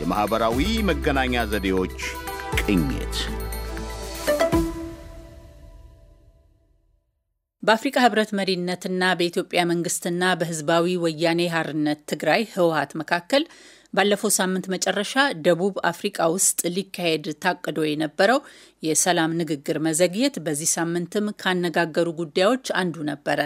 የማኅበራዊ መገናኛ ዘዴዎች ቅኝት በአፍሪካ ህብረት መሪነትና በኢትዮጵያ መንግስትና በህዝባዊ ወያኔ ሀርነት ትግራይ ህወሀት መካከል ባለፈው ሳምንት መጨረሻ ደቡብ አፍሪቃ ውስጥ ሊካሄድ ታቅዶ የነበረው የሰላም ንግግር መዘግየት በዚህ ሳምንትም ካነጋገሩ ጉዳዮች አንዱ ነበረ።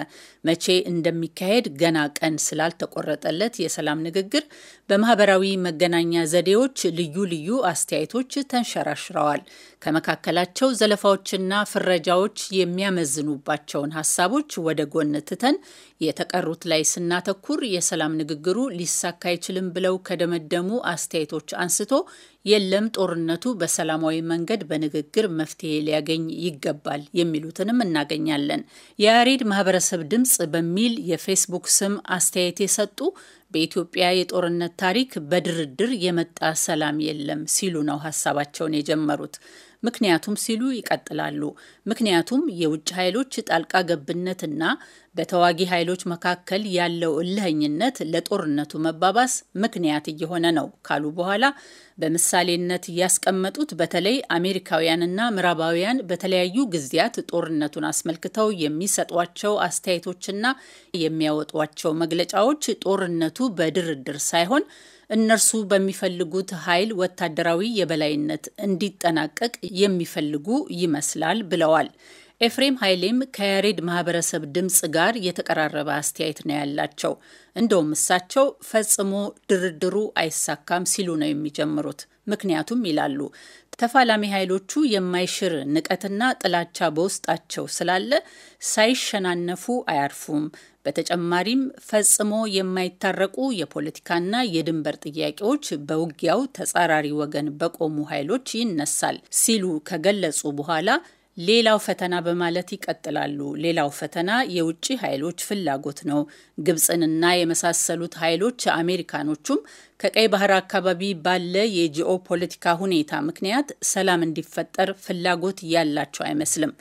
መቼ እንደሚካሄድ ገና ቀን ስላልተቆረጠለት የሰላም ንግግር በማህበራዊ መገናኛ ዘዴዎች ልዩ ልዩ አስተያየቶች ተንሸራሽረዋል። ከመካከላቸው ዘለፋዎችና ፍረጃዎች የሚያመዝኑባቸውን ሀሳቦች ወደ ጎን ትተን የተቀሩት ላይ ስናተኩር የሰላም ንግግሩ ሊሳካ አይችልም ብለው ከደመደሙ አስተያየቶች አንስቶ የለም ጦርነቱ በሰላማዊ መንገድ በንግግር መፍትሄ ሊያገኝ ይገባል የሚሉትንም እናገኛለን። የያሬድ ማህበረሰብ ድምፅ በሚል የፌስቡክ ስም አስተያየት የሰጡ በኢትዮጵያ የጦርነት ታሪክ በድርድር የመጣ ሰላም የለም ሲሉ ነው ሀሳባቸውን የጀመሩት። ምክንያቱም ሲሉ ይቀጥላሉ። ምክንያቱም የውጭ ኃይሎች ጣልቃ ገብነትና በተዋጊ ኃይሎች መካከል ያለው እልህኝነት ለጦርነቱ መባባስ ምክንያት እየሆነ ነው ካሉ በኋላ በምሳሌነት ያስቀመጡት በተለይ አሜሪካውያንና ምዕራባውያን በተለያዩ ጊዜያት ጦርነቱን አስመልክተው የሚሰጧቸው አስተያየቶችና የሚያወጧቸው መግለጫዎች ጦርነቱ በድርድር ሳይሆን እነርሱ በሚፈልጉት ኃይል ወታደራዊ የበላይነት እንዲጠናቀቅ የሚፈልጉ ይመስላል ብለዋል። ኤፍሬም ኃይሌም ከያሬድ ማህበረሰብ ድምፅ ጋር የተቀራረበ አስተያየት ነው ያላቸው። እንደውም እሳቸው ፈጽሞ ድርድሩ አይሳካም ሲሉ ነው የሚጀምሩት። ምክንያቱም ይላሉ ተፋላሚ ኃይሎቹ የማይሽር ንቀትና ጥላቻ በውስጣቸው ስላለ ሳይሸናነፉ አያርፉም። በተጨማሪም ፈጽሞ የማይታረቁ የፖለቲካና የድንበር ጥያቄዎች በውጊያው ተጻራሪ ወገን በቆሙ ኃይሎች ይነሳል ሲሉ ከገለጹ በኋላ ሌላው ፈተና በማለት ይቀጥላሉ። ሌላው ፈተና የውጭ ኃይሎች ፍላጎት ነው። ግብፅንና የመሳሰሉት ኃይሎች አሜሪካኖቹም ከቀይ ባህር አካባቢ ባለ የጂኦ ፖለቲካ ሁኔታ ምክንያት ሰላም እንዲፈጠር ፍላጎት ያላቸው አይመስልም።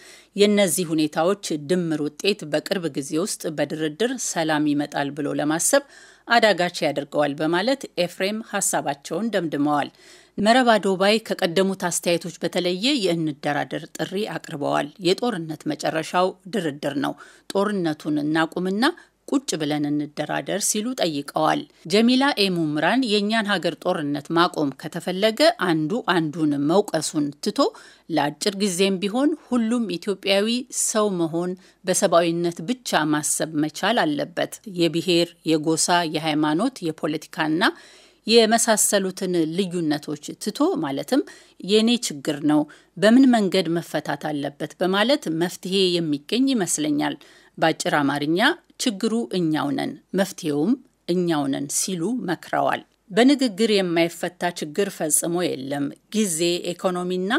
የእነዚህ ሁኔታዎች ድምር ውጤት በቅርብ ጊዜ ውስጥ በድርድር ሰላም ይመጣል ብሎ ለማሰብ አዳጋች ያደርገዋል በማለት ኤፍሬም ሀሳባቸውን ደምድመዋል። መረብ አዶባይ ከቀደሙት አስተያየቶች በተለየ የእንደራደር ጥሪ አቅርበዋል። የጦርነት መጨረሻው ድርድር ነው። ጦርነቱን እናቁምና ቁጭ ብለን እንደራደር ሲሉ ጠይቀዋል። ጀሚላ ኤሙምራን የእኛን ሀገር ጦርነት ማቆም ከተፈለገ አንዱ አንዱን መውቀሱን ትቶ ለአጭር ጊዜም ቢሆን ሁሉም ኢትዮጵያዊ ሰው መሆን፣ በሰብአዊነት ብቻ ማሰብ መቻል አለበት። የብሔር፣ የጎሳ፣ የሃይማኖት፣ የፖለቲካና የመሳሰሉትን ልዩነቶች ትቶ ማለትም የእኔ ችግር ነው በምን መንገድ መፈታት አለበት በማለት መፍትሄ የሚገኝ ይመስለኛል። በአጭር አማርኛ ችግሩ እኛው ነን፣ መፍትሄውም እኛው ነን ሲሉ መክረዋል። በንግግር የማይፈታ ችግር ፈጽሞ የለም። ጊዜ፣ ኢኮኖሚና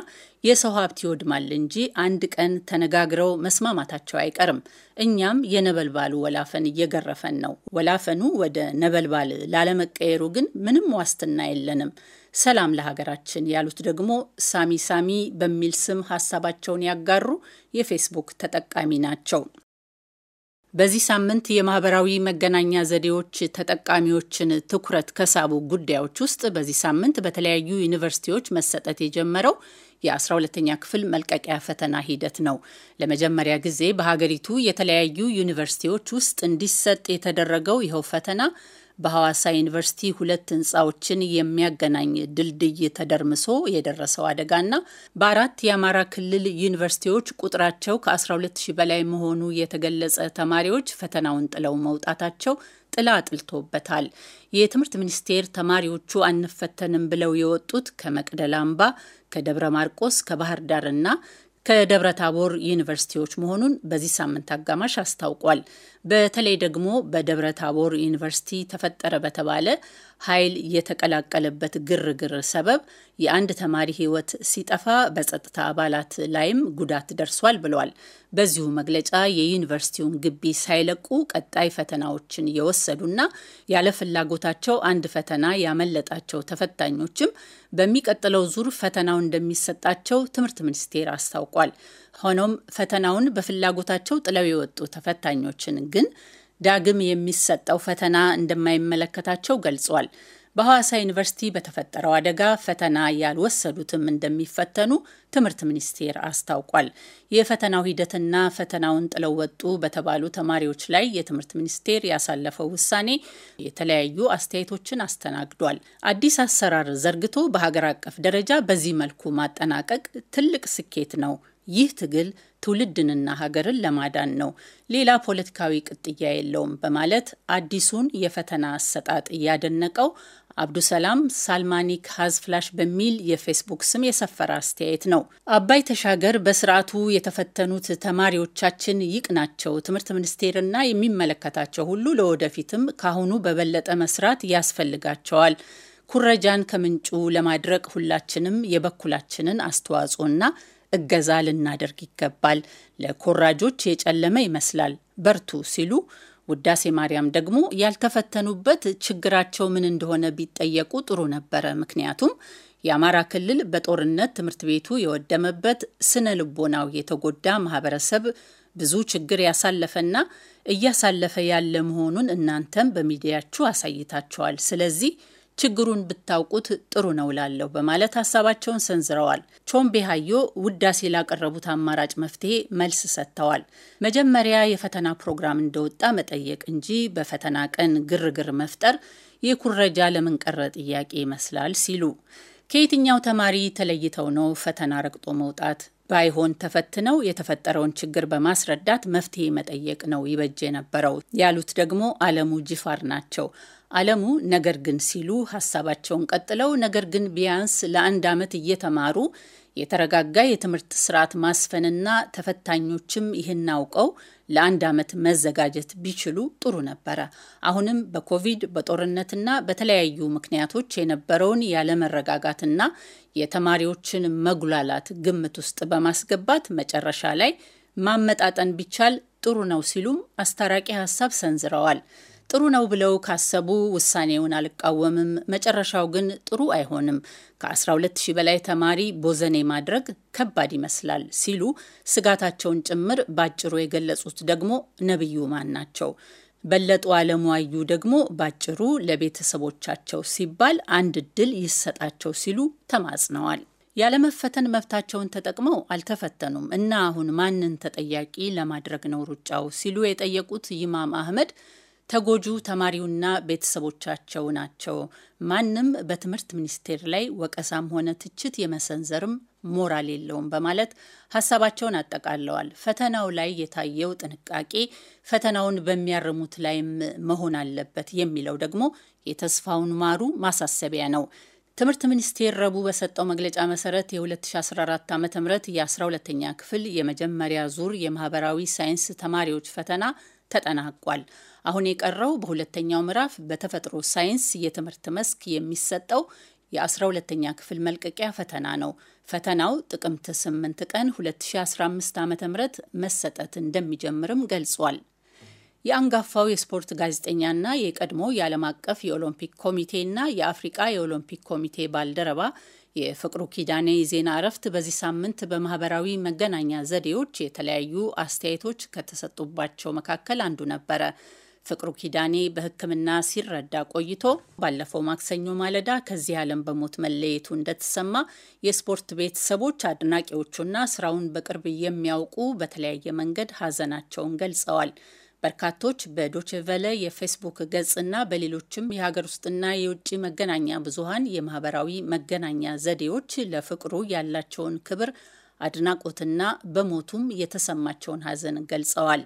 የሰው ሀብት ይወድማል እንጂ አንድ ቀን ተነጋግረው መስማማታቸው አይቀርም። እኛም የነበልባሉ ወላፈን እየገረፈን ነው። ወላፈኑ ወደ ነበልባል ላለመቀየሩ ግን ምንም ዋስትና የለንም። ሰላም ለሀገራችን ያሉት ደግሞ ሳሚ ሳሚ በሚል ስም ሀሳባቸውን ያጋሩ የፌስቡክ ተጠቃሚ ናቸው። በዚህ ሳምንት የማህበራዊ መገናኛ ዘዴዎች ተጠቃሚዎችን ትኩረት ከሳቡ ጉዳዮች ውስጥ በዚህ ሳምንት በተለያዩ ዩኒቨርሲቲዎች መሰጠት የጀመረው የ12ተኛ ክፍል መልቀቂያ ፈተና ሂደት ነው። ለመጀመሪያ ጊዜ በሀገሪቱ የተለያዩ ዩኒቨርሲቲዎች ውስጥ እንዲሰጥ የተደረገው ይኸው ፈተና በሐዋሳ ዩኒቨርሲቲ ሁለት ህንፃዎችን የሚያገናኝ ድልድይ ተደርምሶ የደረሰው አደጋና በአራት የአማራ ክልል ዩኒቨርሲቲዎች ቁጥራቸው ከ12000 በላይ መሆኑ የተገለጸ ተማሪዎች ፈተናውን ጥለው መውጣታቸው ጥላ አጥልቶበታል። የትምህርት ሚኒስቴር ተማሪዎቹ አንፈተንም ብለው የወጡት ከመቅደላ አምባ፣ ከደብረ ማርቆስ፣ ከባህር ዳርና ከደብረ ታቦር ዩኒቨርሲቲዎች መሆኑን በዚህ ሳምንት አጋማሽ አስታውቋል። በተለይ ደግሞ በደብረ ታቦር ዩኒቨርሲቲ ተፈጠረ በተባለ ኃይል የተቀላቀለበት ግርግር ሰበብ የአንድ ተማሪ ሕይወት ሲጠፋ በጸጥታ አባላት ላይም ጉዳት ደርሷል ብለዋል። በዚሁ መግለጫ የዩኒቨርሲቲውን ግቢ ሳይለቁ ቀጣይ ፈተናዎችን የወሰዱና ያለ ፍላጎታቸው አንድ ፈተና ያመለጣቸው ተፈታኞችም በሚቀጥለው ዙር ፈተናው እንደሚሰጣቸው ትምህርት ሚኒስቴር አስታውቋል። ሆኖም ፈተናውን በፍላጎታቸው ጥለው የወጡ ተፈታኞችን ግን ዳግም የሚሰጠው ፈተና እንደማይመለከታቸው ገልጿል። በሐዋሳ ዩኒቨርሲቲ በተፈጠረው አደጋ ፈተና ያልወሰዱትም እንደሚፈተኑ ትምህርት ሚኒስቴር አስታውቋል። የፈተናው ሂደትና ፈተናውን ጥለው ወጡ በተባሉ ተማሪዎች ላይ የትምህርት ሚኒስቴር ያሳለፈው ውሳኔ የተለያዩ አስተያየቶችን አስተናግዷል። አዲስ አሰራር ዘርግቶ በሀገር አቀፍ ደረጃ በዚህ መልኩ ማጠናቀቅ ትልቅ ስኬት ነው ይህ ትግል ትውልድንና ሀገርን ለማዳን ነው፣ ሌላ ፖለቲካዊ ቅጥያ የለውም በማለት አዲሱን የፈተና አሰጣጥ እያደነቀው አብዱሰላም ሳልማኒክ ፍላሽ በሚል የፌስቡክ ስም የሰፈረ አስተያየት ነው። አባይ ተሻገር በስርዓቱ የተፈተኑት ተማሪዎቻችን ይቅ ናቸው ትምህርት ሚኒስቴርና የሚመለከታቸው ሁሉ ለወደፊትም ካሁኑ በበለጠ መስራት ያስፈልጋቸዋል። ኩረጃን ከምንጩ ለማድረቅ ሁላችንም የበኩላችንን አስተዋጽኦና እገዛ ልናደርግ ይገባል። ለኮራጆች የጨለመ ይመስላል፣ በርቱ ሲሉ ውዳሴ ማርያም ደግሞ ያልተፈተኑበት ችግራቸው ምን እንደሆነ ቢጠየቁ ጥሩ ነበረ። ምክንያቱም የአማራ ክልል በጦርነት ትምህርት ቤቱ የወደመበት፣ ስነ ልቦናው የተጎዳ ማህበረሰብ ብዙ ችግር ያሳለፈና እያሳለፈ ያለ መሆኑን እናንተም በሚዲያችሁ አሳይታችኋል። ስለዚህ ችግሩን ብታውቁት ጥሩ ነው ላለሁ በማለት ሀሳባቸውን ሰንዝረዋል። ቾምቤ ሀዮ ውዳሴ ላቀረቡት አማራጭ መፍትሄ መልስ ሰጥተዋል። መጀመሪያ የፈተና ፕሮግራም እንደወጣ መጠየቅ እንጂ በፈተና ቀን ግርግር መፍጠር የኩረጃ ለምንቀረ ጥያቄ ይመስላል ሲሉ ከየትኛው ተማሪ ተለይተው ነው ፈተና ረግጦ መውጣት ባይሆን ተፈትነው የተፈጠረውን ችግር በማስረዳት መፍትሄ መጠየቅ ነው ይበጅ የነበረው ያሉት ደግሞ አለሙ ጅፋር ናቸው። አለሙ ነገር ግን ሲሉ ሀሳባቸውን ቀጥለው ነገር ግን ቢያንስ ለአንድ ዓመት እየተማሩ የተረጋጋ የትምህርት ስርዓት ማስፈንና ተፈታኞችም ይህን አውቀው ለአንድ ዓመት መዘጋጀት ቢችሉ ጥሩ ነበረ። አሁንም በኮቪድ በጦርነትና በተለያዩ ምክንያቶች የነበረውን ያለመረጋጋትና የተማሪዎችን መጉላላት ግምት ውስጥ በማስገባት መጨረሻ ላይ ማመጣጠን ቢቻል ጥሩ ነው ሲሉም አስታራቂ ሀሳብ ሰንዝረዋል። ጥሩ ነው ብለው ካሰቡ ውሳኔውን አልቃወምም። መጨረሻው ግን ጥሩ አይሆንም። ከ12000 በላይ ተማሪ ቦዘኔ ማድረግ ከባድ ይመስላል ሲሉ ስጋታቸውን ጭምር ባጭሩ የገለጹት ደግሞ ነብዩ ማን ናቸው። በለጡ አለሙ አዩ ደግሞ ባጭሩ ለቤተሰቦቻቸው ሲባል አንድ እድል ይሰጣቸው ሲሉ ተማጽነዋል። ያለመፈተን መብታቸውን ተጠቅመው አልተፈተኑም እና አሁን ማንን ተጠያቂ ለማድረግ ነው ሩጫው ሲሉ የጠየቁት ይማም አህመድ ተጎጁ ተማሪውና ቤተሰቦቻቸው ናቸው። ማንም በትምህርት ሚኒስቴር ላይ ወቀሳም ሆነ ትችት የመሰንዘርም ሞራል የለውም በማለት ሀሳባቸውን አጠቃለዋል። ፈተናው ላይ የታየው ጥንቃቄ ፈተናውን በሚያርሙት ላይም መሆን አለበት የሚለው ደግሞ የተስፋውን ማሩ ማሳሰቢያ ነው። ትምህርት ሚኒስቴር ረቡዕ በሰጠው መግለጫ መሰረት የ2014 ዓ ም የ12ኛ ክፍል የመጀመሪያ ዙር የማህበራዊ ሳይንስ ተማሪዎች ፈተና ተጠናቋል። አሁን የቀረው በሁለተኛው ምዕራፍ በተፈጥሮ ሳይንስ የትምህርት መስክ የሚሰጠው የ12ተኛ ክፍል መልቀቂያ ፈተና ነው። ፈተናው ጥቅምት 8 ቀን 2015 ዓ ም መሰጠት እንደሚጀምርም ገልጿል። የአንጋፋው የስፖርት ጋዜጠኛና የቀድሞ የዓለም አቀፍ የኦሎምፒክ ኮሚቴና የአፍሪቃ የኦሎምፒክ ኮሚቴ ባልደረባ የፍቅሩ ኪዳኔ የዜና እረፍት በዚህ ሳምንት በማህበራዊ መገናኛ ዘዴዎች የተለያዩ አስተያየቶች ከተሰጡባቸው መካከል አንዱ ነበረ። ፍቅሩ ኪዳኔ በሕክምና ሲረዳ ቆይቶ ባለፈው ማክሰኞ ማለዳ ከዚህ ዓለም በሞት መለየቱ እንደተሰማ የስፖርት ቤተሰቦች፣ አድናቂዎቹና ስራውን በቅርብ የሚያውቁ በተለያየ መንገድ ሀዘናቸውን ገልጸዋል። በርካቶች በዶችቨለ የፌስቡክ ገጽና በሌሎችም የሀገር ውስጥና የውጭ መገናኛ ብዙሀን የማህበራዊ መገናኛ ዘዴዎች ለፍቅሩ ያላቸውን ክብር አድናቆትና በሞቱም የተሰማቸውን ሀዘን ገልጸዋል።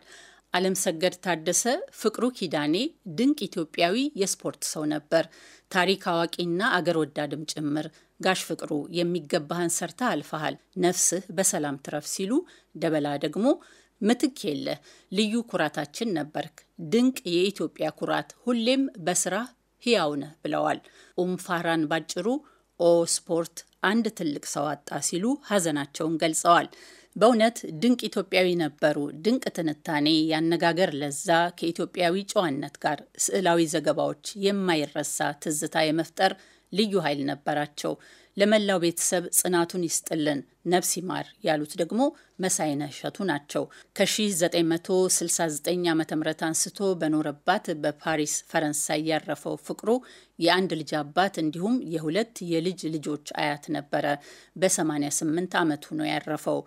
አለም ሰገድ ታደሰ ፍቅሩ ኪዳኔ ድንቅ ኢትዮጵያዊ የስፖርት ሰው ነበር። ታሪክ አዋቂና አገር ወዳድም ጭምር። ጋሽ ፍቅሩ የሚገባህን ሰርታ አልፈሃል፣ ነፍስህ በሰላም ትረፍ ሲሉ ደበላ ደግሞ ምትክ የለህ፣ ልዩ ኩራታችን ነበርክ፣ ድንቅ የኢትዮጵያ ኩራት፣ ሁሌም በስራ ህያው ነህ ብለዋል። ኡምፋራን ባጭሩ ኦ ስፖርት አንድ ትልቅ ሰው አጣ ሲሉ ሀዘናቸውን ገልጸዋል። በእውነት ድንቅ ኢትዮጵያዊ ነበሩ። ድንቅ ትንታኔ፣ ያነጋገር ለዛ ከኢትዮጵያዊ ጨዋነት ጋር ስዕላዊ ዘገባዎች፣ የማይረሳ ትዝታ የመፍጠር ልዩ ኃይል ነበራቸው። ለመላው ቤተሰብ ጽናቱን ይስጥልን ነፍስ ይማር ያሉት ደግሞ መሳይነ እሸቱ ናቸው። ከ1969 ም አንስቶ በኖረባት በፓሪስ ፈረንሳይ ያረፈው ፍቅሩ የአንድ ልጅ አባት እንዲሁም የሁለት የልጅ ልጆች አያት ነበረ። በ88 ዓመቱ ነው ያረፈው።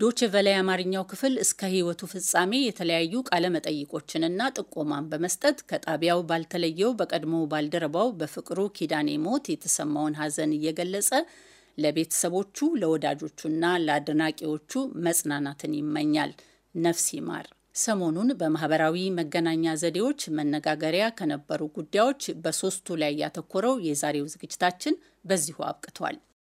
ዶቼ ቨለ የአማርኛው ክፍል እስከ ሕይወቱ ፍጻሜ የተለያዩ መጠይቆችንና ጥቆማን በመስጠት ከጣቢያው ባልተለየው በቀድሞ ባልደረባው በፍቅሩ ኪዳኔ ሞት የተሰማውን ሐዘን እየገለጸ ለቤተሰቦቹ ለወዳጆቹና ለአድናቂዎቹ መጽናናትን ይመኛል። ነፍስ ይማር። ሰሞኑን በማህበራዊ መገናኛ ዘዴዎች መነጋገሪያ ከነበሩ ጉዳዮች በሶስቱ ላይ ያተኮረው የዛሬው ዝግጅታችን በዚሁ አብቅቷል።